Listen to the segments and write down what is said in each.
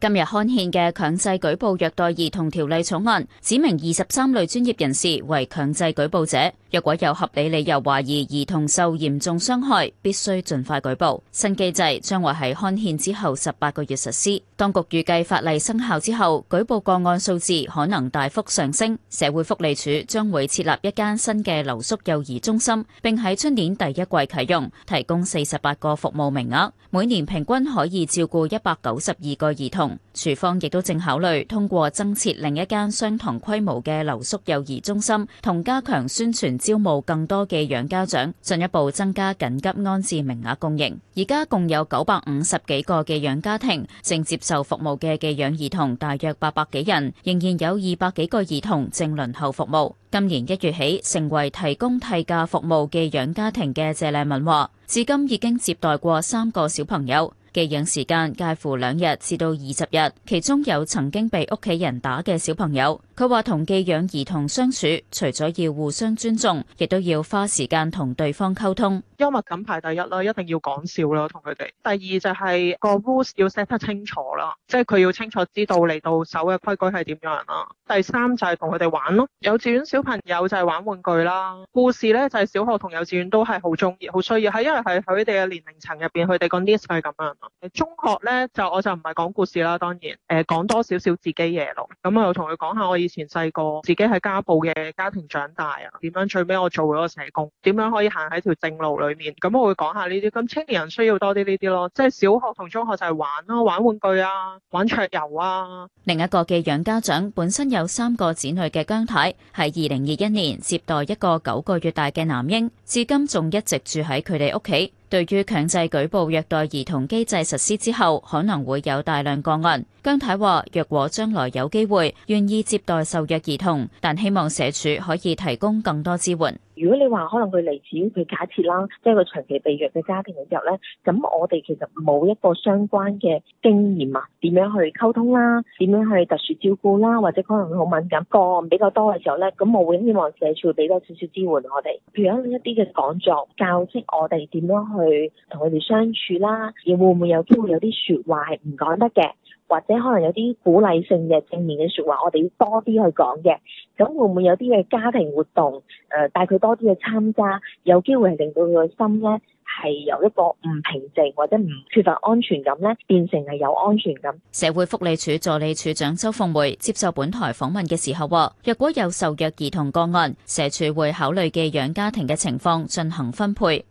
今日刊憲嘅強制舉報虐待兒童條例草案，指明二十三類專業人士為強制舉報者。若果有合理理由懷疑兒童受嚴重傷害，必須盡快舉報。新機制將會喺刊憲之後十八個月實施。當局預計法例生效之後，舉報個案數字可能大幅上升。社會福利署將會設立一間新嘅留宿幼兒中心，並喺春年第一季啟用，提供四十八個服務名額，每年平均可以照顧一百九十二個兒童。署方亦都正考慮通過增設另一間相同規模嘅留宿幼兒中心，同加強宣傳招募更多寄養家長，進一步增加緊急安置名額供應。而家共有九百五十幾個寄養家庭，正接受服務嘅寄養兒童大約八百幾人，仍然有二百幾個兒童正輪候服務。今年一月起成為提供替假服務寄養家庭嘅謝麗文話，至今已經接待過三個小朋友。寄養時間介乎兩日至到二十日，其中有曾經被屋企人打嘅小朋友。佢話同寄養兒童相處，除咗要互相尊重，亦都要花時間同對方溝通。幽默感排第一啦，一定要講笑咯，同佢哋。第二就係、是、個 rules 要 set 得清楚啦，即係佢要清楚知道嚟到守嘅規矩係點樣啦。第三就係同佢哋玩咯。幼稚園小朋友就係玩玩具啦，故事咧就係、是、小學同幼稚園都係好中意、好需要，係因為係佢哋嘅年齡層入邊，佢哋個 needs 係咁樣咯。中學咧就我就唔係講故事啦，當然誒講多少少自己嘢咯。咁我又同佢講下我前細個自己喺家暴嘅家庭長大啊，點樣最尾我做咗個社工，點樣可以行喺條正路裏面？咁我會講下呢啲。咁青年人需要多啲呢啲咯，即係小學同中學就係玩咯，玩玩具啊，玩桌遊啊。另一個寄養家長本身有三個子女嘅姜太，喺二零二一年接待一個九個月大嘅男嬰，至今仲一直住喺佢哋屋企。對於強制舉報虐待兒童機制實施之後，可能會有大量個案。姜太話：若果將來有機會，願意接待受虐兒童，但希望社署可以提供更多支援。如果你話可能佢嚟自佢假設啦，即係佢長期被虐嘅家庭嘅時候咧，咁我哋其實冇一個相關嘅經驗啊，點樣去溝通啦，點樣去特殊照顧啦，或者可能會好敏感個案比較多嘅時候咧，咁我會希望社署俾多少少支援我哋，譬如一啲嘅講座，教識我哋點樣去同佢哋相處啦，亦會唔會有機會有啲說話係唔講得嘅。或者可能有啲鼓勵性嘅正面嘅說話，我哋要多啲去講嘅。咁會唔會有啲嘅家庭活動，誒、呃、帶佢多啲去參加，有機會令到佢個心咧係由一個唔平靜或者唔缺乏安全感咧，變成係有安全感。社會福利署助理署長鄒鳳梅接受本台訪問嘅時候話，若果有受虐兒童個案，社署會考慮寄養家庭嘅情況進行分配。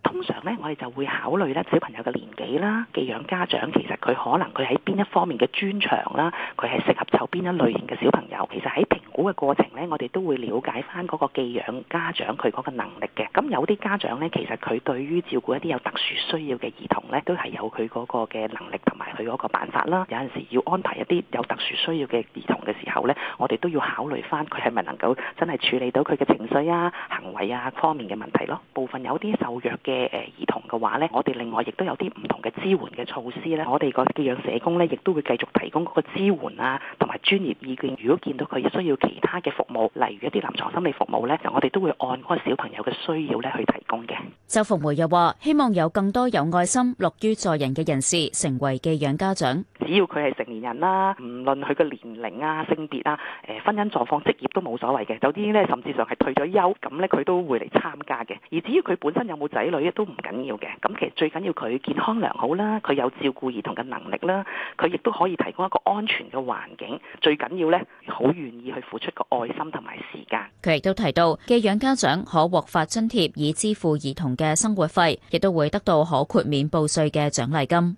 我哋就會考慮咧小朋友嘅年紀啦，寄養家長其實佢可能佢喺邊一方面嘅專長啦，佢係適合湊邊一類型嘅小朋友。其實喺評估嘅過程呢，我哋都會了解翻嗰個寄養家長佢嗰個能力嘅。咁有啲家長呢，其實佢對於照顧一啲有特殊需要嘅兒童呢，都係有佢嗰個嘅能力同埋佢嗰個辦法啦。有陣時要安排一啲有特殊需要嘅兒童嘅時候呢，我哋都要考慮翻佢係咪能夠真係處理到佢嘅情緒啊、行為啊方面嘅問題咯。部分有啲受虐嘅誒、呃兒童嘅話咧，我哋另外亦都有啲唔同嘅支援嘅措施咧，我哋個寄養社工咧亦都會繼續提供嗰個支援啊。專業意見，如果見到佢需要其他嘅服務，例如一啲臨床心理服務呢，我哋都會按嗰個小朋友嘅需要咧去提供嘅。鄒鳳梅又話：希望有更多有愛心、樂於助人嘅人士成為寄養家長。只要佢係成年人啦，唔論佢嘅年齡啊、性別啊、誒婚姻狀況、職業都冇所謂嘅。有啲呢甚至上係退咗休，咁呢，佢都會嚟參加嘅。而至於佢本身有冇仔女都唔緊要嘅。咁其實最緊要佢健康良好啦，佢有照顧兒童嘅能力啦，佢亦都可以提供一個安全嘅環境。最緊要咧，好願意去付出個愛心同埋時間。佢亦都提到，寄養家長可獲發津貼以支付兒童嘅生活費，亦都會得到可豁免報稅嘅獎勵金。